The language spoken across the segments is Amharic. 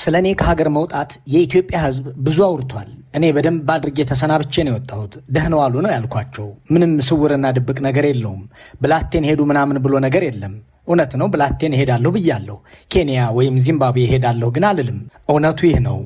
ስለ እኔ ከሀገር መውጣት የኢትዮጵያ ሕዝብ ብዙ አውርቷል። እኔ በደንብ አድርጌ ተሰናብቼ ነው የወጣሁት። ደህና ዋሉ ነው ያልኳቸው። ምንም ስውርና ድብቅ ነገር የለውም። ብላቴን ሄዱ ምናምን ብሎ ነገር የለም። እውነት ነው ብላቴን እሄዳለሁ ብያለሁ። ኬንያ ወይም ዚምባብዌ እሄዳለሁ ግን አልልም። እውነቱ ይህ ነው።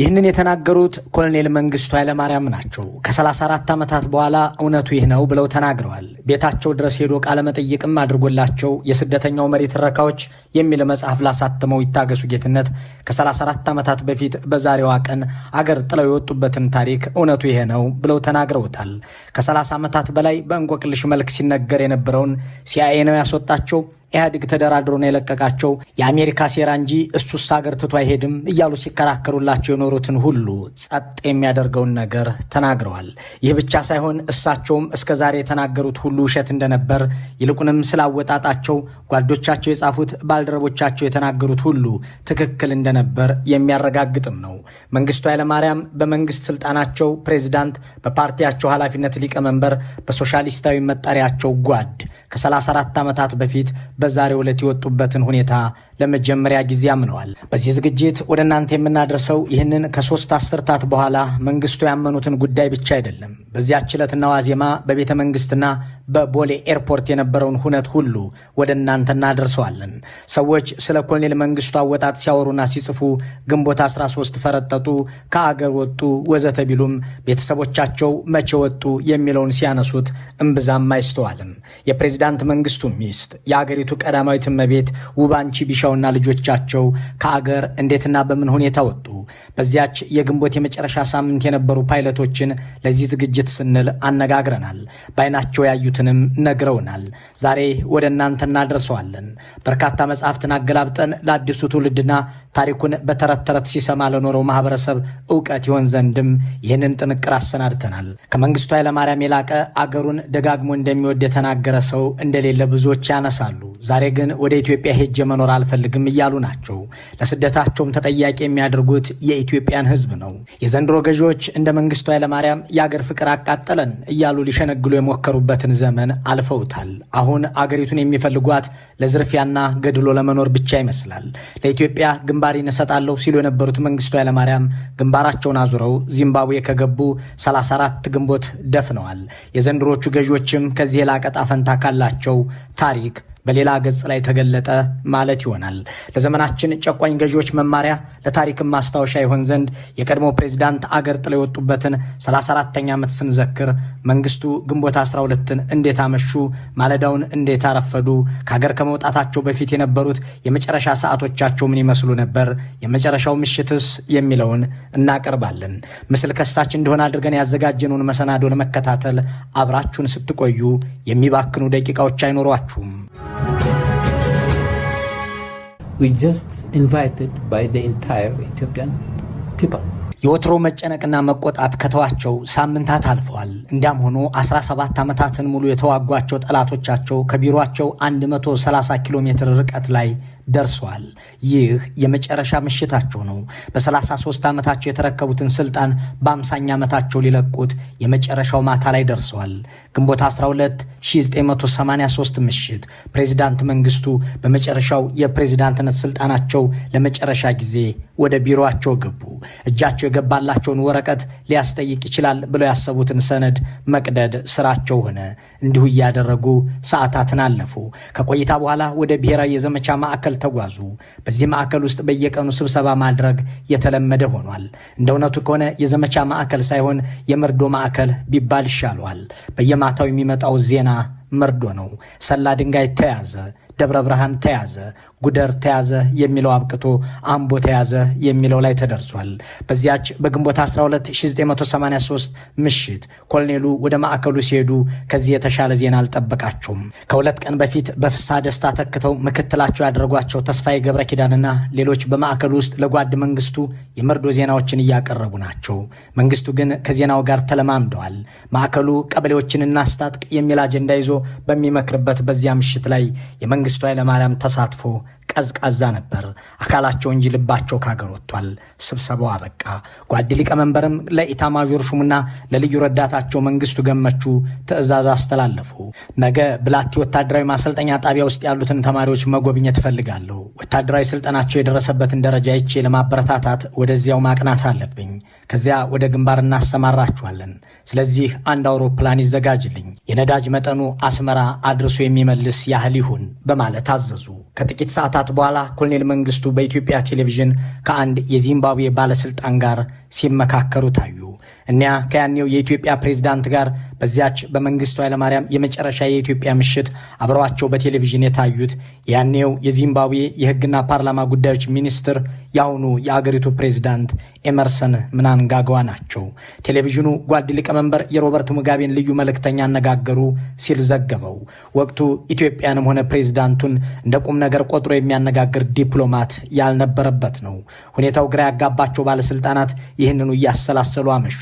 ይህንን የተናገሩት ኮሎኔል መንግስቱ ኃይለማርያም ናቸው። ከ34 ዓመታት በኋላ እውነቱ ይህ ነው ብለው ተናግረዋል። ቤታቸው ድረስ ሄዶ ቃለመጠይቅም አድርጎላቸው የስደተኛው መሬት ረካዎች የሚል መጽሐፍ ላሳተመው ይታገሱ ጌትነት ከ34 ዓመታት በፊት በዛሬዋ ቀን አገር ጥለው የወጡበትን ታሪክ እውነቱ ይሄ ነው ብለው ተናግረውታል። ከ30 ዓመታት በላይ በእንቆቅልሽ መልክ ሲነገር የነበረውን ሲአይኤ ነው ያስወጣቸው ኢህአዴግ ተደራድሮ ነው የለቀቃቸው የአሜሪካ ሴራ እንጂ እሱስ ሀገር ትቶ አይሄድም እያሉ ሲከራከሩላቸው የኖሩትን ሁሉ ጸጥ የሚያደርገውን ነገር ተናግረዋል። ይህ ብቻ ሳይሆን እሳቸውም እስከ ዛሬ የተናገሩት ሁሉ ውሸት እንደነበር ይልቁንም ስላወጣጣቸው ጓዶቻቸው የጻፉት ባልደረቦቻቸው የተናገሩት ሁሉ ትክክል እንደነበር የሚያረጋግጥም ነው። መንግስቱ ኃይለማርያም በመንግስት ስልጣናቸው ፕሬዚዳንት፣ በፓርቲያቸው ኃላፊነት ሊቀመንበር፣ በሶሻሊስታዊ መጠሪያቸው ጓድ ከ34 ዓመታት በፊት በዛሬው ዕለት የወጡበትን ሁኔታ ለመጀመሪያ ጊዜ አምነዋል። በዚህ ዝግጅት ወደ እናንተ የምናደርሰው ይህንን ከሶስት አስርታት በኋላ መንግስቱ ያመኑትን ጉዳይ ብቻ አይደለም። በዚያች ዕለትና ዋዜማ በቤተ መንግስትና በቦሌ ኤርፖርት የነበረውን ሁነት ሁሉ ወደ እናንተ እናደርሰዋለን። ሰዎች ስለ ኮሎኔል መንግስቱ አወጣት ሲያወሩና ሲጽፉ ግንቦት 13 ፈረጠጡ፣ ከአገር ወጡ፣ ወዘተ ቢሉም ቤተሰቦቻቸው መቼ ወጡ የሚለውን ሲያነሱት እምብዛም አይስተዋልም። የፕሬዚዳንት መንግስቱ ሚስት የአገሪቱ ቀዳማዊ ቀዳማዊት እመቤት ውባንቺ ቢሻውና ልጆቻቸው ከአገር እንዴትና በምን ሁኔታ ወጡ? በዚያች የግንቦት የመጨረሻ ሳምንት የነበሩ ፓይለቶችን ለዚህ ዝግጅት ስንል አነጋግረናል። በአይናቸው ያዩትንም ነግረውናል። ዛሬ ወደ እናንተ እናደርሰዋለን። በርካታ መጽሐፍትን አገላብጠን ለአዲሱ ትውልድና ታሪኩን በተረት ተረት ሲሰማ ለኖረው ማህበረሰብ እውቀት ይሆን ዘንድም ይህንን ጥንቅር አሰናድተናል። ከመንግስቱ ኃይለማርያም የላቀ አገሩን ደጋግሞ እንደሚወድ የተናገረ ሰው እንደሌለ ብዙዎች ያነሳሉ። ዛሬ ግን ወደ ኢትዮጵያ ሄጄ መኖር አልፈልግም እያሉ ናቸው። ለስደታቸውም ተጠያቂ የሚያደርጉት የኢትዮጵያን ሕዝብ ነው። የዘንድሮ ገዢዎች እንደ መንግስቱ ኃይለማርያም የአገር ፍቅር አቃጠለን እያሉ ሊሸነግሉ የሞከሩበትን ዘመን አልፈውታል። አሁን አገሪቱን የሚፈልጓት ለዝርፊያና ገድሎ ለመኖር ብቻ ይመስላል። ለኢትዮጵያ ግንባር እሰጣለሁ ሲሉ የነበሩት መንግስቱ ኃይለማርያም ግንባራቸውን አዙረው ዚምባብዌ ከገቡ 34 ግንቦት ደፍነዋል። የዘንድሮቹ ገዢዎችም ከዚህ የላቀ ዕጣ ፈንታ ካላቸው ታሪክ በሌላ ገጽ ላይ ተገለጠ ማለት ይሆናል። ለዘመናችን ጨቋኝ ገዢዎች መማሪያ፣ ለታሪክም ማስታወሻ ይሆን ዘንድ የቀድሞ ፕሬዚዳንት አገር ጥለው የወጡበትን 34ኛ ዓመት ስንዘክር መንግስቱ ግንቦት 12ን እንዴት አመሹ፣ ማለዳውን እንዴት አረፈዱ፣ ከሀገር ከመውጣታቸው በፊት የነበሩት የመጨረሻ ሰዓቶቻቸው ምን ይመስሉ ነበር፣ የመጨረሻው ምሽትስ የሚለውን እናቀርባለን። ምስል ከሳች እንደሆነ አድርገን ያዘጋጀነውን መሰናዶ ለመከታተል አብራችሁን ስትቆዩ የሚባክኑ ደቂቃዎች አይኖሯችሁም። we just invited by the entire Ethiopian people. የወትሮ መጨነቅና መቆጣት ከተዋቸው ሳምንታት አልፈዋል። እንዲያም ሆኖ 17 ዓመታትን ሙሉ የተዋጓቸው ጠላቶቻቸው ከቢሮአቸው 130 ኪሎ ሜትር ርቀት ላይ ደርሰዋል። ይህ የመጨረሻ ምሽታቸው ነው። በ33 ዓመታቸው የተረከቡትን ስልጣን በአምሳኛ ዓመታቸው ሊለቁት የመጨረሻው ማታ ላይ ደርሰዋል። ግንቦት 12 1983 ምሽት ፕሬዚዳንት መንግስቱ በመጨረሻው የፕሬዚዳንትነት ስልጣናቸው ለመጨረሻ ጊዜ ወደ ቢሮቸው ገቡ። እጃቸው የገባላቸውን ወረቀት ሊያስጠይቅ ይችላል ብለው ያሰቡትን ሰነድ መቅደድ ስራቸው ሆነ። እንዲሁ እያደረጉ ሰዓታትን አለፉ። ከቆይታ በኋላ ወደ ብሔራዊ የዘመቻ ማዕከል ተጓዙ። በዚህ ማዕከል ውስጥ በየቀኑ ስብሰባ ማድረግ የተለመደ ሆኗል። እንደ እውነቱ ከሆነ የዘመቻ ማዕከል ሳይሆን የመርዶ ማዕከል ቢባል ይሻሏል። በየማታው የሚመጣው ዜና መርዶ ነው። ሰላ ድንጋይ ተያዘ፣ ደብረ ብርሃን ተያዘ፣ ጉደር ተያዘ የሚለው አብቅቶ አምቦ ተያዘ የሚለው ላይ ተደርሷል። በዚያች በግንቦት 12 1983 ምሽት ኮሎኔሉ ወደ ማዕከሉ ሲሄዱ ከዚህ የተሻለ ዜና አልጠበቃቸውም። ከሁለት ቀን በፊት በፍሳ ደስታ ተክተው ምክትላቸው ያደረጓቸው ተስፋዬ ገብረ ኪዳንና ሌሎች በማዕከሉ ውስጥ ለጓድ መንግስቱ የመርዶ ዜናዎችን እያቀረቡ ናቸው። መንግስቱ ግን ከዜናው ጋር ተለማምደዋል። ማዕከሉ ቀበሌዎችን እናስታጥቅ የሚል አጀንዳ ይዞ በሚመክርበት በዚያ ምሽት ላይ የመንግስቱ ኃይለማርያም ተሳትፎ ቀዝቃዛ ነበር። አካላቸው እንጂ ልባቸው ከሀገር ወጥቷል። ስብሰባው አበቃ። ጓድ ሊቀመንበርም ለኢታማዦር ሹምና ለልዩ ረዳታቸው መንግስቱ ገመቹ ትዕዛዝ አስተላለፉ። ነገ ብላቲ ወታደራዊ ማሰልጠኛ ጣቢያ ውስጥ ያሉትን ተማሪዎች መጎብኘት እፈልጋለሁ። ወታደራዊ ስልጠናቸው የደረሰበትን ደረጃ ይቼ ለማበረታታት ወደዚያው ማቅናት አለብኝ። ከዚያ ወደ ግንባር እናሰማራችኋለን። ስለዚህ አንድ አውሮፕላን ይዘጋጅልኝ፣ የነዳጅ መጠኑ አስመራ አድርሶ የሚመልስ ያህል ይሁን በማለት አዘዙ። ከጥቂት ሰዓታት ከሰዓታት በኋላ ኮሎኔል መንግስቱ በኢትዮጵያ ቴሌቪዥን ከአንድ የዚምባብዌ ባለስልጣን ጋር ሲመካከሩ ታዩ። እኒያ ከያኔው የኢትዮጵያ ፕሬዝዳንት ጋር በዚያች በመንግስቱ ኃይለማርያም የመጨረሻ የኢትዮጵያ ምሽት አብረዋቸው በቴሌቪዥን የታዩት ያኔው የዚምባብዌ የህግና ፓርላማ ጉዳዮች ሚኒስትር የአሁኑ የአገሪቱ ፕሬዝዳንት ኤመርሰን ምናንጋግዋ ናቸው። ቴሌቪዥኑ ጓድ ሊቀመንበር የሮበርት ሙጋቤን ልዩ መልእክተኛ አነጋገሩ ሲል ዘገበው። ወቅቱ ኢትዮጵያንም ሆነ ፕሬዝዳንቱን እንደ ቁም ነገር ቆጥሮ የሚ የሚያነጋግር ዲፕሎማት ያልነበረበት ነው። ሁኔታው ግራ ያጋባቸው ባለስልጣናት ይህንኑ እያሰላሰሉ አመሹ።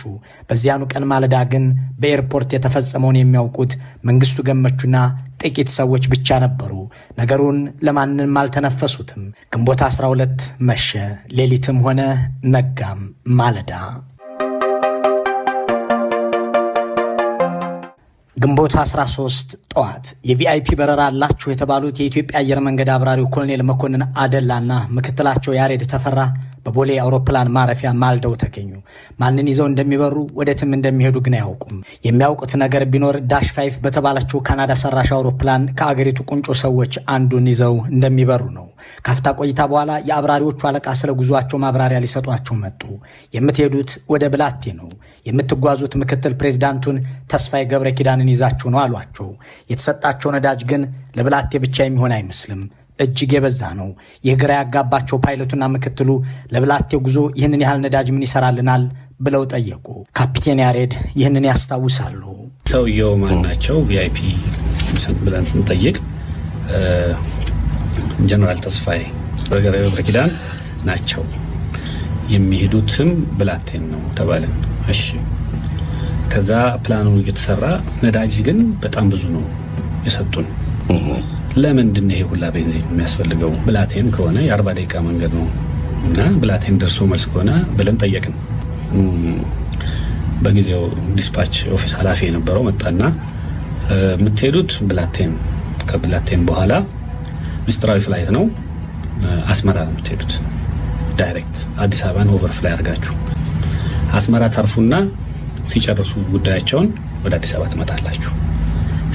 በዚያኑ ቀን ማለዳ ግን በኤርፖርት የተፈጸመውን የሚያውቁት መንግስቱ ገመቹና ጥቂት ሰዎች ብቻ ነበሩ። ነገሩን ለማንም አልተነፈሱትም። ግንቦት 12 መሸ፣ ሌሊትም ሆነ ነጋም ማለዳ ግንቦት 13 ጠዋት የቪአይፒ በረራ አላችሁ የተባሉት የኢትዮጵያ አየር መንገድ አብራሪው ኮሎኔል መኮንን አደላና ምክትላቸው ያሬድ ተፈራ በቦሌ አውሮፕላን ማረፊያ ማልደው ተገኙ። ማንን ይዘው እንደሚበሩ ወደትም እንደሚሄዱ ግን አያውቁም። የሚያውቁት ነገር ቢኖር ዳሽ ፋይፍ በተባለችው ካናዳ ሰራሽ አውሮፕላን ከአገሪቱ ቁንጮ ሰዎች አንዱን ይዘው እንደሚበሩ ነው። ካፍታ ቆይታ በኋላ የአብራሪዎቹ አለቃ ስለ ጉዟቸው ማብራሪያ ሊሰጧቸው መጡ። የምትሄዱት ወደ ብላቴ ነው፣ የምትጓዙት ምክትል ፕሬዚዳንቱን ተስፋዬ ገብረ ኪዳንን ምን ይዛችሁ ነው አሏቸው። የተሰጣቸው ነዳጅ ግን ለብላቴ ብቻ የሚሆን አይመስልም እጅግ የበዛ ነው። የግራ ያጋባቸው ፓይለቱና ምክትሉ ለብላቴው ጉዞ ይህንን ያህል ነዳጅ ምን ይሰራልናል ብለው ጠየቁ። ካፒቴን ያሬድ ይህንን ያስታውሳሉ። ሰውየው ማን ናቸው ቪአይፒ ብለን ስንጠይቅ ጀነራል ተስፋዬ በገራ ኪዳን ናቸው የሚሄዱትም ብላቴን ነው ተባለን። እሺ ከዛ ፕላኑ እየተሰራ ነዳጅ ግን በጣም ብዙ ነው የሰጡን። ለምንድን ነው ይሄ ሁላ ቤንዚን የሚያስፈልገው? ብላቴን ከሆነ የአርባ ደቂቃ መንገድ ነው እና ብላቴን ደርሶ መልስ ከሆነ ብለን ጠየቅን። በጊዜው ዲስፓች ኦፊስ ኃላፊ የነበረው መጣና የምትሄዱት ብላቴን፣ ከብላቴን በኋላ ሚስጥራዊ ፍላይት ነው አስመራ ነው የምትሄዱት። ዳይሬክት አዲስ አበባን ኦቨር ፍላይ አድርጋችሁ አስመራ ታርፉና ሲጨርሱ ጉዳያቸውን ወደ አዲስ አበባ ትመጣላችሁ።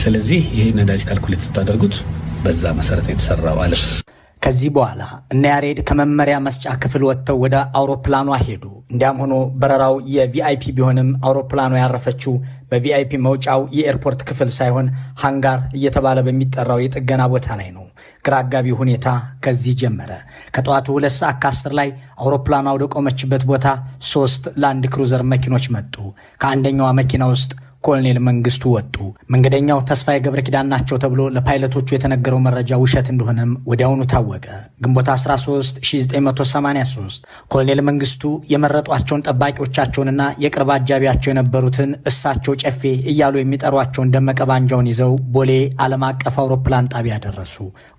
ስለዚህ ይህ ነዳጅ ካልኩሌት ስታደርጉት በዛ መሰረት የተሰራ። የተሰራው አለ ከዚህ በኋላ እነ ያሬድ ከመመሪያ መስጫ ክፍል ወጥተው ወደ አውሮፕላኗ ሄዱ። እንዲያም ሆኖ በረራው የቪአይፒ ቢሆንም አውሮፕላኗ ያረፈችው በቪአይፒ መውጫው የኤርፖርት ክፍል ሳይሆን ሃንጋር እየተባለ በሚጠራው የጥገና ቦታ ላይ ነው። ግራጋቢ ሁኔታ ከዚህ ጀመረ። ከጠዋቱ ሁለት ሰዓት ከአስር ላይ አውሮፕላኗ ወደ ቆመችበት ቦታ ሶስት ላንድ ክሩዘር መኪኖች መጡ። ከአንደኛዋ መኪና ውስጥ ኮሎኔል መንግስቱ ወጡ። መንገደኛው ተስፋዬ ገብረ ኪዳን ናቸው ተብሎ ለፓይለቶቹ የተነገረው መረጃ ውሸት እንደሆነም ወዲያውኑ ታወቀ። ግንቦት 13 1983 ኮሎኔል መንግስቱ የመረጧቸውን ጠባቂዎቻቸውንና የቅርብ አጃቢያቸው የነበሩትን እሳቸው ጨፌ እያሉ የሚጠሯቸውን ደመቀ ባንጃውን ይዘው ቦሌ ዓለም አቀፍ አውሮፕላን ጣቢያ ደረሱ።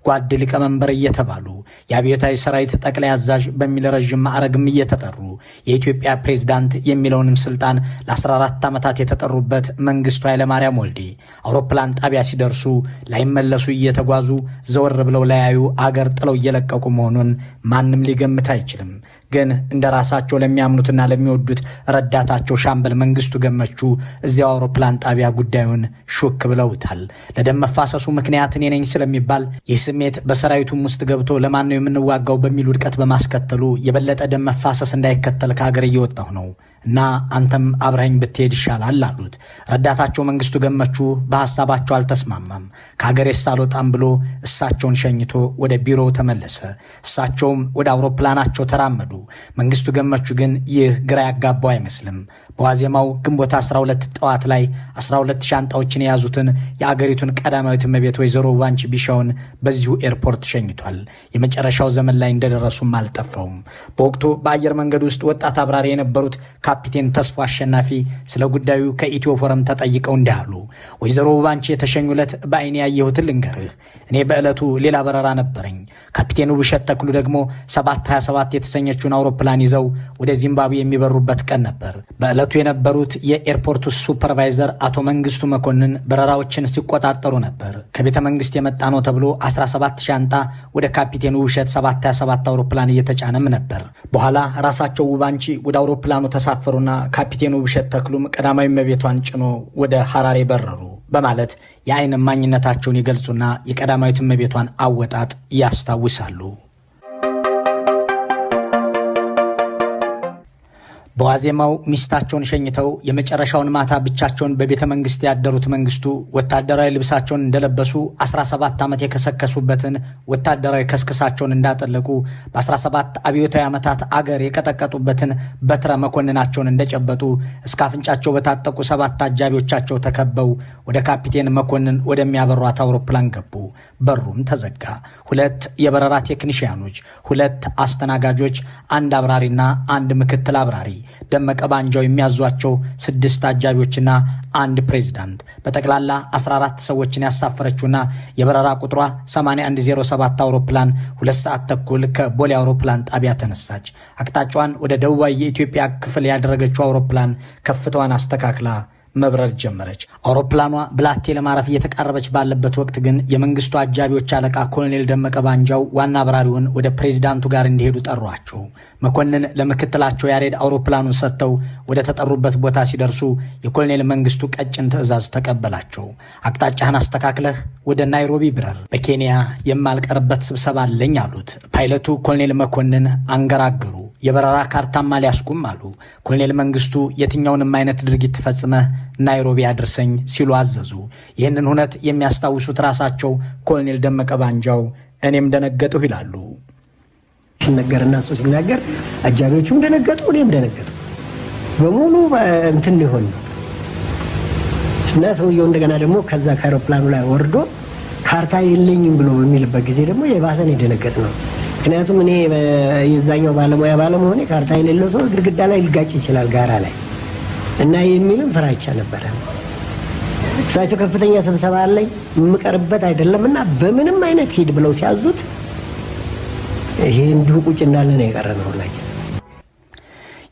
ጓድ ሊቀመንበር እየተባሉ የአብዮታዊ ሰራዊት ጠቅላይ አዛዥ በሚል ረዥም ማዕረግም እየተጠሩ የኢትዮጵያ ፕሬዝዳንት የሚለውንም ስልጣን ለ14 ዓመታት የተጠሩበት መንግስቱ ኃይለማርያም ወልዴ አውሮፕላን ጣቢያ ሲደርሱ ላይመለሱ እየተጓዙ ዘወር ብለው ለያዩ አገር ጥለው እየለቀቁ መሆኑን ማንም ሊገምት አይችልም። ግን እንደ ራሳቸው ለሚያምኑትና ለሚወዱት ረዳታቸው ሻምበል መንግስቱ ገመቹ እዚያው አውሮፕላን ጣቢያ ጉዳዩን ሹክ ብለውታል። ለደም መፋሰሱ ምክንያት እኔ ነኝ ስለሚባል ይህ ስሜት በሰራዊቱም ውስጥ ገብቶ ለማን ነው የምንዋጋው በሚል ውድቀት በማስከተሉ የበለጠ ደም መፋሰስ እንዳይከተል ከሀገር እየወጣሁ ነው እና አንተም አብረኸኝ ብትሄድ ይሻላል አሉት። ረዳታቸው መንግስቱ ገመቹ በሐሳባቸው አልተስማማም። ከአገሬስ አልወጣም ብሎ እሳቸውን ሸኝቶ ወደ ቢሮው ተመለሰ። እሳቸውም ወደ አውሮፕላናቸው ተራመዱ። መንግስቱ ገመቹ ግን ይህ ግራ ያጋባው አይመስልም። በዋዜማው ግንቦት 12 ጠዋት ላይ 12 ሻንጣዎችን የያዙትን የአገሪቱን ቀዳማዊት እመቤት ወይዘሮ ባንቺ ቢሻውን በዚሁ ኤርፖርት ሸኝቷል። የመጨረሻው ዘመን ላይ እንደደረሱም አልጠፋውም። በወቅቱ በአየር መንገድ ውስጥ ወጣት አብራሪ የነበሩት ካፒቴን ተስፎ አሸናፊ ስለ ጉዳዩ ከኢትዮ ፎረም ተጠይቀው እንዲህ አሉ። ወይዘሮ ውባንቺ የተሸኙ ዕለት በአይኔ ያየሁትን ልንገርህ። እኔ በዕለቱ ሌላ በረራ ነበረኝ። ካፒቴኑ ውብሸት ተክሉ ደግሞ 727 የተሰኘችውን አውሮፕላን ይዘው ወደ ዚምባብዌ የሚበሩበት ቀን ነበር። በዕለቱ የነበሩት የኤርፖርቱ ሱፐርቫይዘር አቶ መንግስቱ መኮንን በረራዎችን ሲቆጣጠሩ ነበር። ከቤተ መንግስት የመጣ ነው ተብሎ 17 ሻንጣ ወደ ካፒቴኑ ውብሸት 727 አውሮፕላን እየተጫነም ነበር። በኋላ ራሳቸው ውባንቺ ወደ አውሮፕላኑ ተሳፍ ተሳፈሩና ካፒቴኑ ብሸት ተክሉም ቀዳማዊ እመቤቷን ጭኖ ወደ ሐራሬ በረሩ በማለት የአይን እማኝነታቸውን ይገልጹና የቀዳማዊት እመቤቷን አወጣጥ ያስታውሳሉ። በዋዜማው ሚስታቸውን ሸኝተው የመጨረሻውን ማታ ብቻቸውን በቤተ መንግስት ያደሩት መንግስቱ ወታደራዊ ልብሳቸውን እንደለበሱ 17 ዓመት የከሰከሱበትን ወታደራዊ ከስክሳቸውን እንዳጠለቁ በ17 አብዮታዊ ዓመታት አገር የቀጠቀጡበትን በትረ መኮንናቸውን እንደጨበጡ እስከ አፍንጫቸው በታጠቁ ሰባት አጃቢዎቻቸው ተከበው ወደ ካፒቴን መኮንን ወደሚያበሯት አውሮፕላን ገቡ። በሩም ተዘጋ። ሁለት የበረራ ቴክኒሽያኖች፣ ሁለት አስተናጋጆች፣ አንድ አብራሪና አንድ ምክትል አብራሪ ደመቀ ባንጃው የሚያዟቸው ስድስት አጃቢዎችና አንድ ፕሬዚዳንት በጠቅላላ 14 ሰዎችን ያሳፈረችውና የበረራ ቁጥሯ 8107 አውሮፕላን ሁለት ሰዓት ተኩል ከቦሌ አውሮፕላን ጣቢያ ተነሳች። አቅጣጫዋን ወደ ደቡባዊ የኢትዮጵያ ክፍል ያደረገችው አውሮፕላን ከፍታዋን አስተካክላ መብረር ጀመረች። አውሮፕላኗ ብላቴ ለማረፍ እየተቃረበች ባለበት ወቅት ግን የመንግስቱ አጃቢዎች አለቃ ኮሎኔል ደመቀ ባንጃው ዋና አብራሪውን ወደ ፕሬዚዳንቱ ጋር እንዲሄዱ ጠሯቸው። መኮንን ለምክትላቸው ያሬድ አውሮፕላኑን ሰጥተው ወደ ተጠሩበት ቦታ ሲደርሱ የኮሎኔል መንግስቱ ቀጭን ትዕዛዝ ተቀበላቸው። አቅጣጫህን አስተካክለህ ወደ ናይሮቢ ብረር፣ በኬንያ የማልቀርበት ስብሰባ አለኝ አሉት። ፓይለቱ ኮሎኔል መኮንን አንገራገሩ። የበረራ ካርታማ ሊያስቁም አሉ። ኮሎኔል መንግስቱ የትኛውንም አይነት ድርጊት ፈጽመህ ናይሮቢ አድርሰኝ ሲሉ አዘዙ። ይህንን እውነት የሚያስታውሱት ራሳቸው ኮሎኔል ደመቀ ባንጃው እኔም ደነገጥሁ ይላሉ። ሲነገርና እሱ ሲናገር አጃቢዎቹም ደነገጡ፣ እኔም ደነገጡ። በሙሉ እንትን ሊሆን እና ሰውየው እንደገና ደግሞ ከዛ ከአይሮፕላኑ ላይ ወርዶ ካርታ የለኝም ብሎ በሚልበት ጊዜ ደግሞ የባሰን የደነገጥ ነው ምክንያቱም እኔ የዛኛው ባለሙያ ባለመሆኔ ካርታ የሌለው ሰው ግድግዳ ላይ ሊጋጭ ይችላል ጋራ ላይ እና የሚልም ፍራቻ ነበረ። እሳቸው ከፍተኛ ስብሰባ አለኝ የምቀርበት አይደለም እና በምንም አይነት ሂድ ብለው ሲያዙት ይሄ እንዲሁ ቁጭ እንዳለ ነው የቀረ ነው ሁላችን።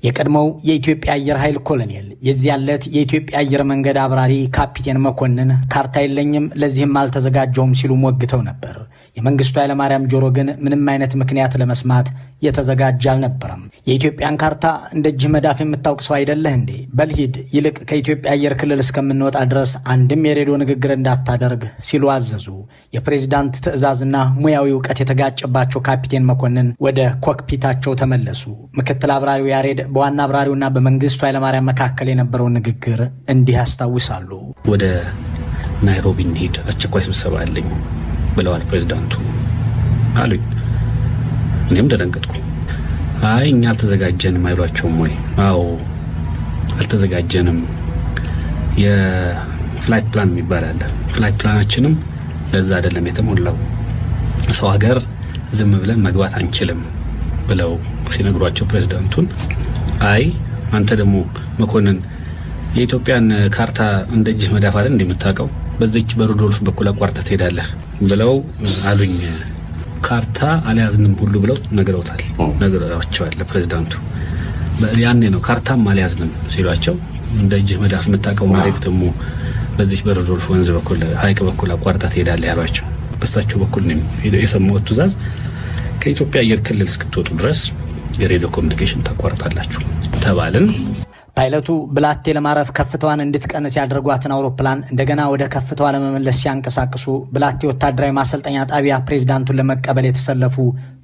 የቀድሞው የኢትዮጵያ አየር ኃይል ኮሎኔል የዚህ ያለት የኢትዮጵያ አየር መንገድ አብራሪ ካፒቴን መኮንን ካርታ የለኝም ለዚህም አልተዘጋጀውም ሲሉ ሞግተው ነበር። የመንግስቱ ኃይለማርያም ጆሮ ግን ምንም አይነት ምክንያት ለመስማት የተዘጋጀ አልነበረም። የኢትዮጵያን ካርታ እንደ እጅህ መዳፍ የምታውቅ ሰው አይደለህ እንዴ? በልሂድ ይልቅ ከኢትዮጵያ አየር ክልል እስከምንወጣ ድረስ አንድም የሬዲዮ ንግግር እንዳታደርግ ሲሉ አዘዙ። የፕሬዚዳንት ትዕዛዝና ሙያዊ እውቀት የተጋጨባቸው ካፒቴን መኮንን ወደ ኮክፒታቸው ተመለሱ። ምክትል አብራሪው ያሬድ በዋና አብራሪውና በመንግስቱ ኃይለማርያም መካከል የነበረውን ንግግር እንዲህ ያስታውሳሉ። ወደ ናይሮቢ እንሄድ፣ አስቸኳይ ስብሰባ አለኝ ብለዋል ፕሬዚዳንቱ አሉኝ። እኔም ደነገጥኩ። አይ እኛ አልተዘጋጀንም አይሏቸውም ወይ? አዎ አልተዘጋጀንም። የፍላይት ፕላን የሚባል አለ። ፍላይት ፕላናችንም ለዛ አይደለም የተሞላው። ሰው ሀገር ዝም ብለን መግባት አንችልም ብለው ሲነግሯቸው ፕሬዚዳንቱን፣ አይ አንተ ደግሞ መኮንን የኢትዮጵያን ካርታ እንደ እጅህ መዳፋትን እንደምታውቀው በዚች በሩዶልፍ በኩል አቋርተ ትሄዳለህ ብለው አሉኝ። ካርታ አልያዝንም ሁሉ ብለው ነግረውታል ነግረዋቸዋል ለፕሬዚዳንቱ። ያኔ ነው ካርታም አልያዝንም ሲሏቸው እንደ እጅህ መዳፍ የምታውቀው መሬት ደግሞ በዚች በሮዶልፍ ወንዝ በኩል ሀይቅ በኩል አቋርጣ ትሄዳለህ ያሏቸው በሳቸው በኩል ነው የሰማሁት ከኢትዮጵያ አየር ክልል እስክትወጡ ድረስ የሬዲዮ ኮሚኒኬሽን ታቋርጣላችሁ ተባልን። ፓይለቱ ብላቴ ለማረፍ ከፍታዋን እንድትቀንስ ያደርጓትን አውሮፕላን እንደገና ወደ ከፍታዋ ለመመለስ ሲያንቀሳቅሱ ብላቴ ወታደራዊ ማሰልጠኛ ጣቢያ ፕሬዝዳንቱን ለመቀበል የተሰለፉ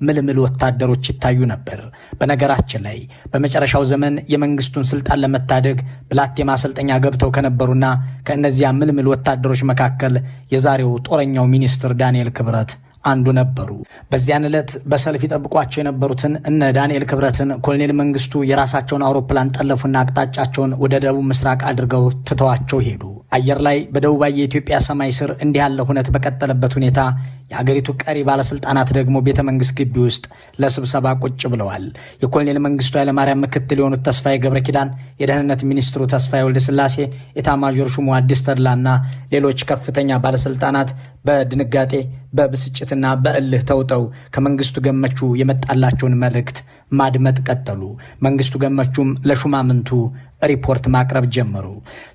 ምልምል ወታደሮች ይታዩ ነበር። በነገራችን ላይ በመጨረሻው ዘመን የመንግስቱን ስልጣን ለመታደግ ብላቴ ማሰልጠኛ ገብተው ከነበሩና ከእነዚያ ምልምል ወታደሮች መካከል የዛሬው ጦረኛው ሚኒስትር ዳንኤል ክብረት አንዱ ነበሩ። በዚያን ዕለት በሰልፍ ይጠብቋቸው የነበሩትን እነ ዳንኤል ክብረትን ኮሎኔል መንግስቱ የራሳቸውን አውሮፕላን ጠለፉና አቅጣጫቸውን ወደ ደቡብ ምስራቅ አድርገው ትተዋቸው ሄዱ። አየር ላይ በደቡባዊ የኢትዮጵያ ሰማይ ስር እንዲህ ያለ ሁነት በቀጠለበት ሁኔታ የአገሪቱ ቀሪ ባለስልጣናት ደግሞ ቤተ መንግስት ግቢ ውስጥ ለስብሰባ ቁጭ ብለዋል። የኮሎኔል መንግስቱ ኃይለማርያም ምክትል የሆኑት ተስፋዬ ገብረ ኪዳን፣ የደህንነት ሚኒስትሩ ተስፋዬ ወልደ ስላሴ፣ ኢታማዦር ሹሙ አዲስ ተድላና ሌሎች ከፍተኛ ባለስልጣናት በድንጋጤ በብስጭትና በእልህ ተውጠው ከመንግስቱ ገመቹ የመጣላቸውን መልእክት ማድመጥ ቀጠሉ። መንግስቱ ገመቹም ለሹማምንቱ ሪፖርት ማቅረብ ጀመሩ።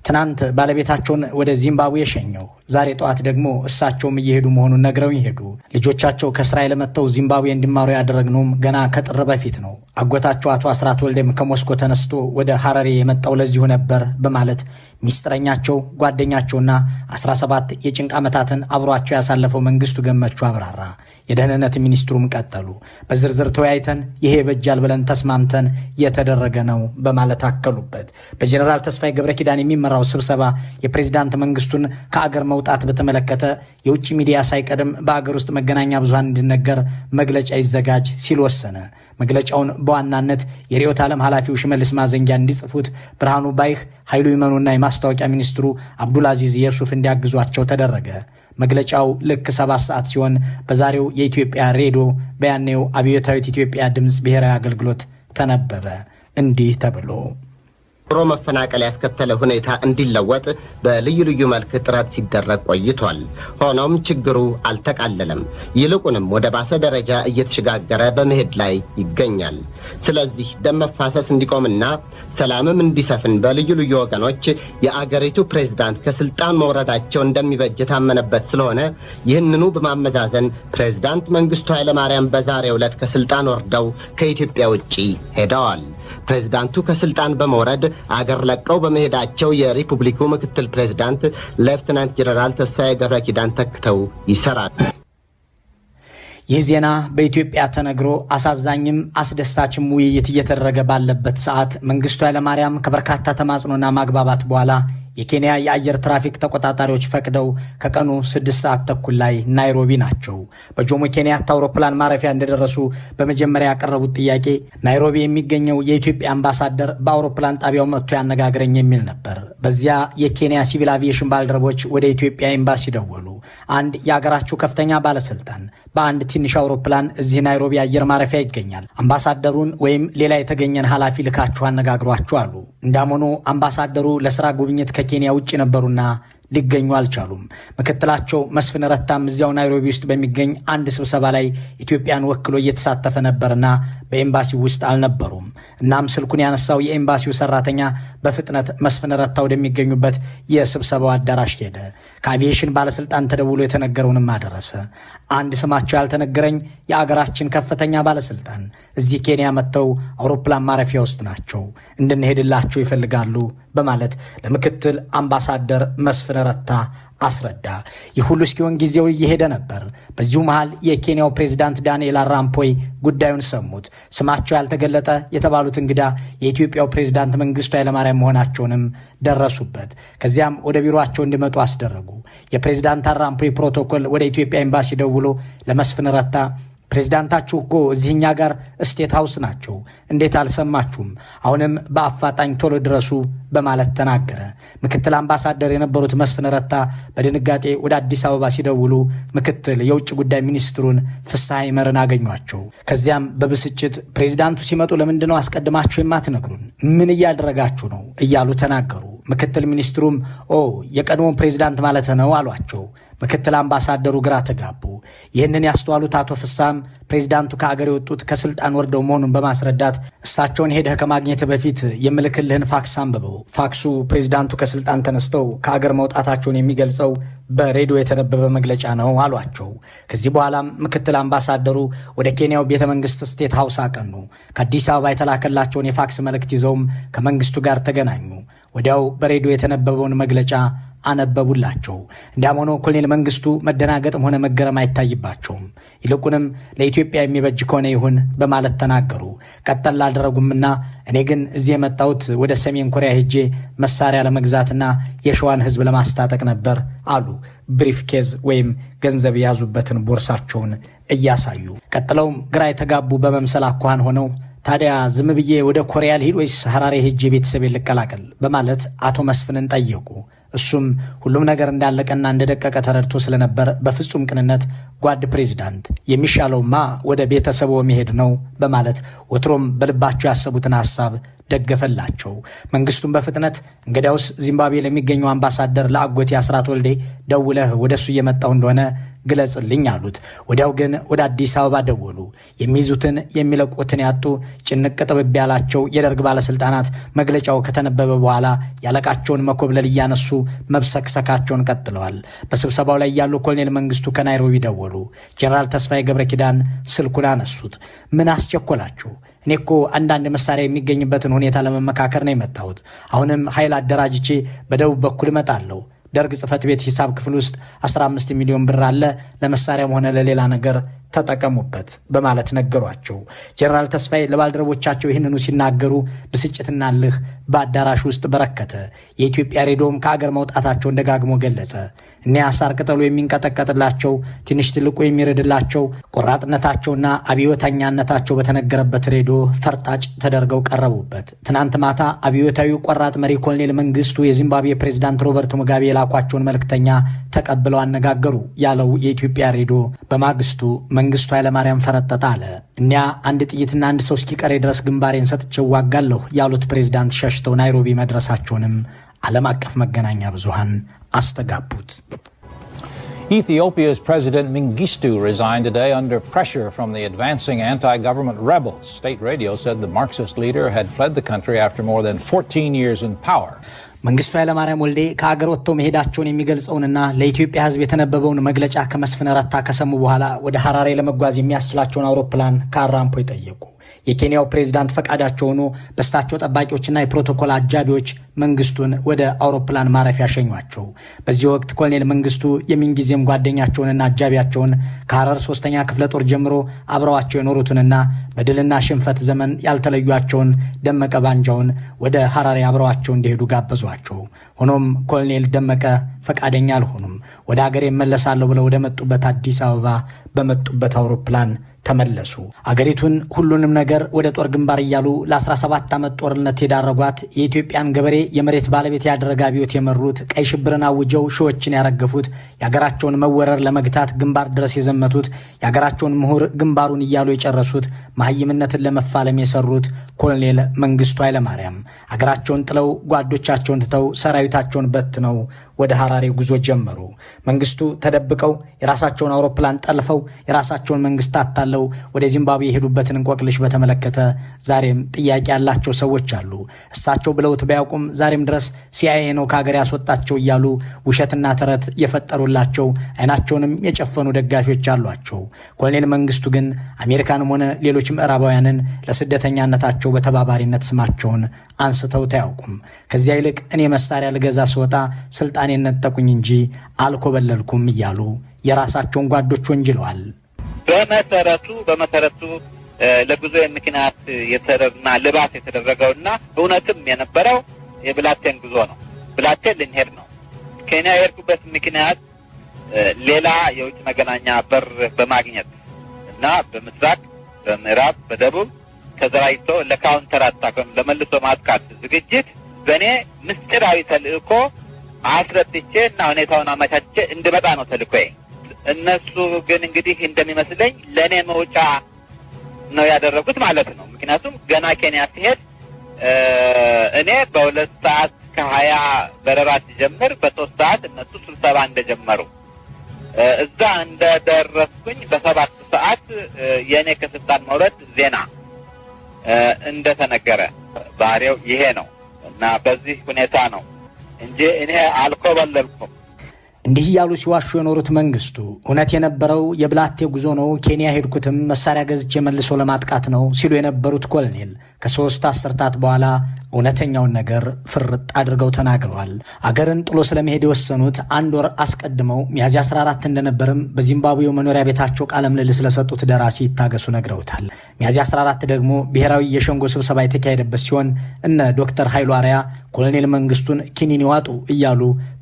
ትናንት ባለቤታቸውን ወደ ዚምባብዌ ሸኘው፣ ዛሬ ጠዋት ደግሞ እሳቸውም እየሄዱ መሆኑን ነግረው ይሄዱ። ልጆቻቸው ከእስራኤል መጥተው ዚምባብዌ እንዲማሩ ያደረግነውም ገና ከጥር በፊት ነው። አጎታቸው አቶ አስራት ወልደም ከሞስኮ ተነስቶ ወደ ሐረሬ የመጣው ለዚሁ ነበር በማለት ሚስጥረኛቸው ጓደኛቸውና 17 የጭንቅ ዓመታትን አብሯቸው ያሳለፈው መንግስቱ ገመቹ አብራራ። የደህንነት ሚኒስትሩም ቀጠሉ። በዝርዝር ተወያይተን ይሄ ይበጃል ብለን ተስማምተን የተደረገ ነው በማለት አከሉበት። በጀኔራል ተስፋዬ ገብረ ኪዳን የሚመራው ስብሰባ የፕሬዚዳንት መንግስቱን ከአገር መውጣት በተመለከተ የውጭ ሚዲያ ሳይቀድም በአገር ውስጥ መገናኛ ብዙሃን እንዲነገር መግለጫ ይዘጋጅ ሲል ወሰነ። መግለጫውን በዋናነት የርዕዮተ ዓለም ኃላፊው ሽመልስ ማዘንጊያ እንዲጽፉት ብርሃኑ ባይህ፣ ኃይሉ ይመኑና የማስታወቂያ ሚኒስትሩ አብዱል አዚዝ የሱፍ እንዲያግዟቸው ተደረገ። መግለጫው ልክ ሰባት ሰዓት ሲሆን በዛሬው የኢትዮጵያ ሬዲዮ በያኔው አብዮታዊት ኢትዮጵያ ድምፅ ብሔራዊ አገልግሎት ተነበበ። እንዲህ ተብሎ ሮ መፈናቀል ያስከተለ ሁኔታ እንዲለወጥ በልዩ ልዩ መልክ ጥረት ሲደረግ ቆይቷል። ሆኖም ችግሩ አልተቃለለም፣ ይልቁንም ወደ ባሰ ደረጃ እየተሸጋገረ በመሄድ ላይ ይገኛል። ስለዚህ ደም መፋሰስ እንዲቆምና ሰላምም እንዲሰፍን በልዩ ልዩ ወገኖች የአገሪቱ ፕሬዝዳንት ከስልጣን መውረዳቸው እንደሚበጅ የታመነበት ስለሆነ ይህንኑ በማመዛዘን ፕሬዝዳንት መንግስቱ ኃይለማርያም በዛሬው ዕለት ከስልጣን ወርደው ከኢትዮጵያ ውጪ ሄደዋል። ፕሬዝዳንቱ ከስልጣን በመውረድ አገር ለቀው በመሄዳቸው የሪፑብሊኩ ምክትል ፕሬዚዳንት ሌፍትናንት ጀነራል ተስፋዬ ገብረ ኪዳን ተክተው ይሰራል። ይህ ዜና በኢትዮጵያ ተነግሮ አሳዛኝም አስደሳችም ውይይት እየተደረገ ባለበት ሰዓት መንግስቱ ኃይለማርያም ከበርካታ ተማጽኖና ማግባባት በኋላ የኬንያ የአየር ትራፊክ ተቆጣጣሪዎች ፈቅደው ከቀኑ ስድስት ሰዓት ተኩል ላይ ናይሮቢ ናቸው። በጆሞ ኬንያታ አውሮፕላን ማረፊያ እንደደረሱ በመጀመሪያ ያቀረቡት ጥያቄ ናይሮቢ የሚገኘው የኢትዮጵያ አምባሳደር በአውሮፕላን ጣቢያው መጥቶ ያነጋግረኝ የሚል ነበር። በዚያ የኬንያ ሲቪል አቪዬሽን ባልደረቦች ወደ ኢትዮጵያ ኤምባሲ ደወሉ። አንድ የአገራችሁ ከፍተኛ ባለስልጣን በአንድ ትንሽ አውሮፕላን እዚህ ናይሮቢ አየር ማረፊያ ይገኛል፣ አምባሳደሩን ወይም ሌላ የተገኘን ኃላፊ ልካችሁ አነጋግሯችሁ አሉ። እንዳም ሆኖ አምባሳደሩ ለስራ ጉብኝት ከኬንያ ውጭ ነበሩና ሊገኙ አልቻሉም። ምክትላቸው መስፍን ረታም እዚያው ናይሮቢ ውስጥ በሚገኝ አንድ ስብሰባ ላይ ኢትዮጵያን ወክሎ እየተሳተፈ ነበርና በኤምባሲው ውስጥ አልነበሩም። እናም ስልኩን ያነሳው የኤምባሲው ሰራተኛ በፍጥነት መስፍን ረታ ወደሚገኙበት የስብሰባው አዳራሽ ሄደ። ከአቪዬሽን ባለስልጣን ተደውሎ የተነገረውንም አደረሰ። አንድ ስማቸው ያልተነገረኝ የአገራችን ከፍተኛ ባለስልጣን እዚህ ኬንያ መጥተው አውሮፕላን ማረፊያ ውስጥ ናቸው፣ እንድንሄድላቸው ይፈልጋሉ በማለት ለምክትል አምባሳደር መስፍን ረታ አስረዳ። ይህ ሁሉ እስኪሆን ጊዜው እየሄደ ነበር። በዚሁ መሃል የኬንያው ፕሬዚዳንት ዳንኤል አራምፖይ ጉዳዩን ሰሙት። ስማቸው ያልተገለጠ የተባሉት እንግዳ የኢትዮጵያው ፕሬዚዳንት መንግስቱ ኃይለማርያም መሆናቸውንም ደረሱበት። ከዚያም ወደ ቢሮቸው እንዲመጡ አስደረጉ። የፕሬዚዳንት አራምፖይ ፕሮቶኮል ወደ ኢትዮጵያ ኤምባሲ ደውሎ ለመስፍን ረታ ፕሬዚዳንታችሁ እኮ እዚህኛ ጋር ስቴት ሀውስ ናቸው፣ እንዴት አልሰማችሁም? አሁንም በአፋጣኝ ቶሎ ድረሱ በማለት ተናገረ። ምክትል አምባሳደር የነበሩት መስፍን ረታ በድንጋጤ ወደ አዲስ አበባ ሲደውሉ ምክትል የውጭ ጉዳይ ሚኒስትሩን ፍስሐ ይመርን አገኟቸው። ከዚያም በብስጭት ፕሬዚዳንቱ ሲመጡ ለምንድነው አስቀድማችሁ የማትነግሩን? ምን እያደረጋችሁ ነው? እያሉ ተናገሩ። ምክትል ሚኒስትሩም ኦ የቀድሞውን ፕሬዚዳንት ማለት ነው አሏቸው። ምክትል አምባሳደሩ ግራ ተጋቡ። ይህንን ያስተዋሉት አቶ ፍሳም ፕሬዚዳንቱ ከአገር የወጡት ከስልጣን ወርደው መሆኑን በማስረዳት እሳቸውን ሄደህ ከማግኘት በፊት የምልክልህን ፋክስ አንብበው። ፋክሱ ፕሬዚዳንቱ ከስልጣን ተነስተው ከአገር መውጣታቸውን የሚገልጸው በሬዲዮ የተነበበ መግለጫ ነው አሏቸው። ከዚህ በኋላም ምክትል አምባሳደሩ ወደ ኬንያው ቤተ መንግስት ስቴት ሀውስ አቀኑ። ከአዲስ አበባ የተላከላቸውን የፋክስ መልእክት ይዘውም ከመንግስቱ ጋር ተገናኙ። ወዲያው በሬዲዮ የተነበበውን መግለጫ አነበቡላቸው። እንዲያም ሆኖ ኮሎኔል መንግስቱ መደናገጥም ሆነ መገረም አይታይባቸውም። ይልቁንም ለኢትዮጵያ የሚበጅ ከሆነ ይሁን በማለት ተናገሩ። ቀጠል ላደረጉምና እኔ ግን እዚህ የመጣሁት ወደ ሰሜን ኮሪያ ሄጄ መሳሪያ ለመግዛትና የሸዋን ህዝብ ለማስታጠቅ ነበር አሉ። ብሪፍ ኬዝ ወይም ገንዘብ የያዙበትን ቦርሳቸውን እያሳዩ ቀጥለውም ግራ የተጋቡ በመምሰል አኳን ሆነው ታዲያ ዝም ብዬ ወደ ኮሪያ ልሂድ ወይስ ሐራሬ ሄጄ ቤተሰቤ ልቀላቀል በማለት አቶ መስፍንን ጠየቁ። እሱም ሁሉም ነገር እንዳለቀና እንደደቀቀ ተረድቶ ስለነበር በፍጹም ቅንነት ጓድ ፕሬዚዳንት፣ የሚሻለውማ ወደ ቤተሰቦ መሄድ ነው በማለት ወትሮም በልባቸው ያሰቡትን ሐሳብ ደገፈላቸው። መንግስቱን በፍጥነት እንግዲያውስ ዚምባብዌ ለሚገኘው አምባሳደር ለአጎቴ አስራት ወልዴ ደውለህ ወደ እሱ እየመጣው እንደሆነ ግለጽልኝ አሉት። ወዲያው ግን ወደ አዲስ አበባ ደወሉ። የሚይዙትን የሚለቁትን ያጡ ጭንቅ ጥብብ ያላቸው የደርግ ባለስልጣናት መግለጫው ከተነበበ በኋላ ያለቃቸውን መኮብለል እያነሱ መብሰክሰካቸውን ቀጥለዋል። በስብሰባው ላይ ያሉ ኮሎኔል መንግስቱ ከናይሮቢ ደወሉ። ጀኔራል ተስፋዬ ገብረ ኪዳን ስልኩን አነሱት። ምን አስቸኮላችሁ? እኔ እኮ አንዳንድ መሳሪያ የሚገኝበትን ሁኔታ ለመመካከር ነው የመጣሁት። አሁንም ኃይል አደራጅቼ በደቡብ በኩል እመጣለሁ ደርግ ጽህፈት ቤት ሂሳብ ክፍል ውስጥ 15 ሚሊዮን ብር አለ፣ ለመሳሪያም ሆነ ለሌላ ነገር ተጠቀሙበት በማለት ነገሯቸው። ጀኔራል ተስፋዬ ለባልደረቦቻቸው ይህንኑ ሲናገሩ ብስጭትና ልህ በአዳራሽ ውስጥ በረከተ። የኢትዮጵያ ሬዲዮም ከአገር መውጣታቸውን ደጋግሞ ገለጸ። እኒያ ሳር ቅጠሉ የሚንቀጠቀጥላቸው ትንሽ ትልቁ የሚረድላቸው ቆራጥነታቸውና አብዮተኛነታቸው በተነገረበት ሬዲዮ ፈርጣጭ ተደርገው ቀረቡበት። ትናንት ማታ አብዮታዊ ቆራጥ መሪ ኮሎኔል መንግስቱ የዚምባብዌ ፕሬዚዳንት ሮበርት ሙጋቤ የላኳቸውን መልእክተኛ ተቀብለው አነጋገሩ ያለው የኢትዮጵያ ሬዲዮ በማግስቱ መንግስቱ ኃይለማርያም ፈረጠጠ አለ። እኒያ አንድ ጥይትና አንድ ሰው እስኪቀሬ ድረስ ግንባሬን ሰጥቼ ዋጋለሁ ያሉት ፕሬዚዳንት ሸሽተው ናይሮቢ መድረሳቸውንም ዓለም አቀፍ መገናኛ ብዙሃን አስተጋቡት። Ethiopia's President Mengistu resigned today under pressure from the advancing anti government rebels. State radio said the Marxist leader had fled the country after more than 14 years in power. መንግስቱ ኃይለማርያም ወልዴ ከአገር ወጥቶ መሄዳቸውን የሚገልጸውንና ለኢትዮጵያ ሕዝብ የተነበበውን መግለጫ ከመስፍን ረታ ከሰሙ በኋላ ወደ ሐራሬ ለመጓዝ የሚያስችላቸውን አውሮፕላን ከአራምፖ ጠየቁ። የኬንያው ፕሬዚዳንት ፈቃዳቸው ሆኖ በእሳቸው ጠባቂዎችና የፕሮቶኮል አጃቢዎች መንግስቱን ወደ አውሮፕላን ማረፊያ ያሸኟቸው። በዚህ ወቅት ኮሎኔል መንግስቱ የምንጊዜም ጓደኛቸውንና አጃቢያቸውን ከሐረር ሶስተኛ ክፍለ ጦር ጀምሮ አብረዋቸው የኖሩትንና በድልና ሽንፈት ዘመን ያልተለዩቸውን ደመቀ ባንጃውን ወደ ሐራሬ አብረዋቸው እንዲሄዱ ጋበዟቸው። ሆኖም ኮሎኔል ደመቀ ፈቃደኛ አልሆኑም። ወደ አገር እመለሳለሁ ብለው ወደ መጡበት አዲስ አበባ በመጡበት አውሮፕላን ተመለሱ። አገሪቱን ሁሉንም ነገር ወደ ጦር ግንባር እያሉ ለ17 ዓመት ጦርነት የዳረጓት የኢትዮጵያን ገበሬ የመሬት ባለቤት ያደረገ አብዮት የመሩት ቀይ ሽብርን አውጀው ሺዎችን ያረገፉት የአገራቸውን መወረር ለመግታት ግንባር ድረስ የዘመቱት የአገራቸውን ምሁር ግንባሩን እያሉ የጨረሱት መሐይምነትን ለመፋለም የሰሩት ኮሎኔል መንግስቱ ኃይለማርያም አገራቸውን ጥለው ጓዶቻቸውን ትተው ሰራዊታቸውን በትነው ወደ ሐራሬ ጉዞ ጀመሩ። መንግስቱ ተደብቀው የራሳቸውን አውሮፕላን ጠልፈው የራሳቸውን መንግስት አታለው ወደ ዚምባብዌ የሄዱበትን እንቆቅልሽ በተመለከተ ዛሬም ጥያቄ ያላቸው ሰዎች አሉ። እሳቸው ብለውት ባያውቁም ዛሬም ድረስ ሲአይኤ ነው ከሀገር ያስወጣቸው እያሉ ውሸትና ተረት የፈጠሩላቸው አይናቸውንም የጨፈኑ ደጋፊዎች አሏቸው። ኮሎኔል መንግስቱ ግን አሜሪካንም ሆነ ሌሎች ምዕራባውያንን ለስደተኛነታቸው በተባባሪነት ስማቸውን አንስተው ታያውቁም። ከዚያ ይልቅ እኔ መሳሪያ ልገዛ ስወጣ ስልጣ ስልጣኔ ነጠቁኝ እንጂ አልኮበለልኩም እያሉ የራሳቸውን ጓዶች ወንጅለዋል። በመሰረቱ በመሰረቱ ለጉዞ ምክንያት የተደረና ልባት የተደረገውና እውነትም የነበረው የብላቴን ጉዞ ነው። ብላቴን ልንሄድ ነው። ኬንያ የሄድኩበት ምክንያት ሌላ የውጭ መገናኛ በር በማግኘት እና በምስራቅ በምዕራብ፣ በደቡብ ተዘራጅቶ ለካውንተር አታክም ለመልሶ ማጥቃት ዝግጅት በእኔ ምስጢራዊ ተልእኮ አስረድቼ እና ሁኔታውን አመቻችቼ እንድመጣ ነው ተልኮዬ። እነሱ ግን እንግዲህ እንደሚመስለኝ ለእኔ መውጫ ነው ያደረጉት ማለት ነው። ምክንያቱም ገና ኬንያ ሲሄድ እኔ በሁለት ሰዓት ከሀያ በረራ ሲጀምር በሶስት ሰዓት እነሱ ስብሰባ እንደጀመሩ እዛ እንደደረስኩኝ በሰባት ሰዓት የእኔ ከስልጣን መውረድ ዜና እንደተነገረ ባህሪው ይሄ ነው እና በዚህ ሁኔታ ነው እንጂ እኔ አልኮበለልኩም። እንዲህ እያሉ ሲዋሹ የኖሩት መንግስቱ እውነት የነበረው የብላቴ ጉዞ ነው፣ ኬንያ ሄድኩትም መሳሪያ ገዝቼ መልሶ ለማጥቃት ነው ሲሉ የነበሩት ኮሎኔል ከሶስት አስርታት በኋላ እውነተኛውን ነገር ፍርጥ አድርገው ተናግረዋል። አገርን ጥሎ ስለመሄድ የወሰኑት አንድ ወር አስቀድመው ሚያዝ 14 እንደነበርም በዚምባብዌው መኖሪያ ቤታቸው ቃለ ምልልስ ለሰጡት ደራሲ ይታገሱ ነግረውታል። ሚያዝ 14 ደግሞ ብሔራዊ የሸንጎ ስብሰባ የተካሄደበት ሲሆን እነ ዶክተር ኃይሉ አርያ ኮሎኔል መንግስቱን ኪኒን ይዋጡ እያሉ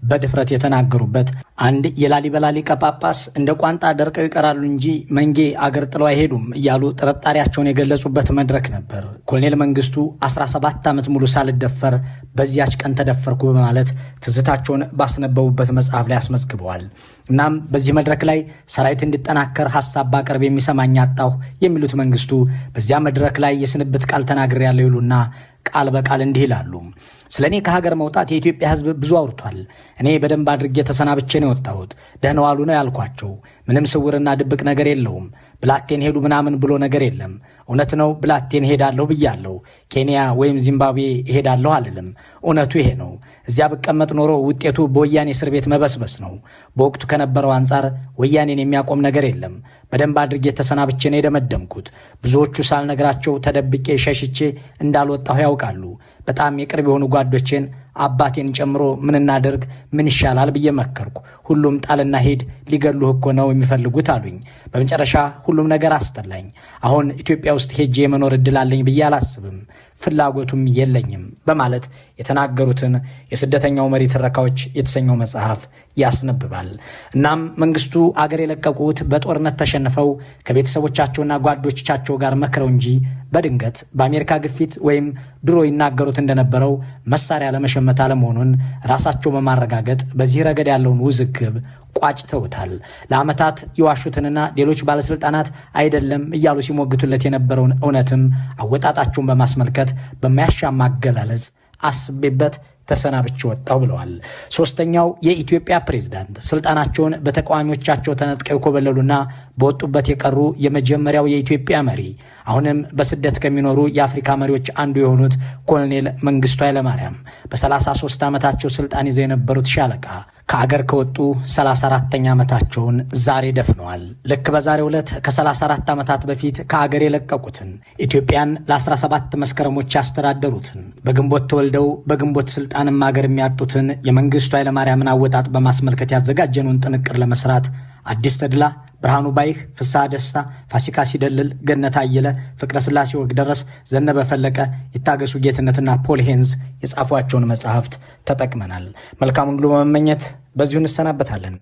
በድፍረት የተናገሩበት አንድ የላሊበላ ሊቀ ጳጳስ እንደ ቋንጣ ደርቀው ይቀራሉ እንጂ መንጌ አገር ጥለው አይሄዱም እያሉ ጥርጣሬያቸውን የገለጹበት መድረክ ነበር። ኮሎኔል መንግስቱ 17 ዓመት ሙሉ ሳልደፈር በዚያች ቀን ተደፈርኩ በማለት ትዝታቸውን ባስነበቡበት መጽሐፍ ላይ አስመዝግበዋል። እናም በዚህ መድረክ ላይ ሰራዊት እንዲጠናከር ሀሳብ ባቀርብ የሚሰማኝ አጣሁ የሚሉት መንግስቱ በዚያ መድረክ ላይ የስንብት ቃል ተናግሬያለሁ ይሉና ቃል በቃል እንዲህ ይላሉ። ስለ እኔ ከሀገር መውጣት የኢትዮጵያ ሕዝብ ብዙ አውርቷል። እኔ በደንብ አድርጌ ተሰናብቼ ነው የወጣሁት። ደህና ዋሉ ነው ያልኳቸው። ምንም ስውርና ድብቅ ነገር የለውም። ብላቴን ሄዱ ምናምን ብሎ ነገር የለም። እውነት ነው ብላቴን እሄዳለሁ ብያለሁ። ኬንያ ወይም ዚምባብዌ እሄዳለሁ አልልም። እውነቱ ይሄ ነው። እዚያ ብቀመጥ ኖሮ ውጤቱ በወያኔ እስር ቤት መበስበስ ነው። በወቅቱ ከነበረው አንጻር ወያኔን የሚያቆም ነገር የለም። በደንብ አድርጌ ተሰናብቼ ነው የደመደምኩት። ብዙዎቹ ሳልነግራቸው ተደብቄ ሸሽቼ እንዳልወጣሁ ያውቃሉ። በጣም የቅርብ የሆኑ ጓዶቼን አባቴን ጨምሮ ምን እናደርግ ምን ይሻላል ብዬ መከርኩ። ሁሉም ጣልና ሄድ ሊገሉህ እኮ ነው የሚፈልጉት አሉኝ። በመጨረሻ ሁሉም ነገር አስጠላኝ። አሁን ኢትዮጵያ ውስጥ ሄጄ የመኖር እድል አለኝ ብዬ አላስብም፣ ፍላጎቱም የለኝም በማለት የተናገሩትን የስደተኛው መሪ ትረካዎች የተሰኘው መጽሐፍ ያስነብባል። እናም መንግስቱ አገር የለቀቁት በጦርነት ተሸንፈው ከቤተሰቦቻቸውና ጓዶቻቸው ጋር መክረው እንጂ በድንገት በአሜሪካ ግፊት ወይም ድሮ ይናገሩት እንደነበረው መሳሪያ ለመሸመት አለመሆኑን ራሳቸው በማረጋገጥ በዚህ ረገድ ያለውን ውዝግብ ቋጭተውታል። ለዓመታት የዋሹትንና ሌሎች ባለስልጣናት አይደለም እያሉ ሲሞግቱለት የነበረውን እውነትም አወጣጣቸውን በማስመልከት በማያሻማ አገላለጽ አስቤበት ተሰናብቼ ወጣሁ ብለዋል። ሶስተኛው የኢትዮጵያ ፕሬዝዳንት ስልጣናቸውን በተቃዋሚዎቻቸው ተነጥቀው የኮበለሉና በወጡበት የቀሩ የመጀመሪያው የኢትዮጵያ መሪ አሁንም በስደት ከሚኖሩ የአፍሪካ መሪዎች አንዱ የሆኑት ኮሎኔል መንግስቱ ኃይለማርያም በ33 ዓመታቸው ስልጣን ይዘው የነበሩት ሻለቃ ከአገር ከወጡ 34ተኛ ዓመታቸውን ዛሬ ደፍነዋል። ልክ በዛሬ ዕለት ከ34 ዓመታት በፊት ከአገር የለቀቁትን ኢትዮጵያን ለ17 መስከረሞች ያስተዳደሩትን በግንቦት ተወልደው በግንቦት ስልጣንም አገር የሚያጡትን የመንግስቱ ኃይለማርያምን አወጣጥ በማስመልከት ያዘጋጀነውን ጥንቅር ለመስራት አዲስ ተድላ ብርሃኑ ባይህ፣ ፍስሐ ደስታ፣ ፋሲካ ሲደልል፣ ገነት አየለ፣ ፍቅረ ስላሴ ደረስ፣ ዘነበ ፈለቀ፣ ይታገሱ ጌትነትና ፖል ሄንዝ የጻፏቸውን መጽሐፍት ተጠቅመናል። መልካሙን ሁሉ በመመኘት በዚሁ እንሰናበታለን።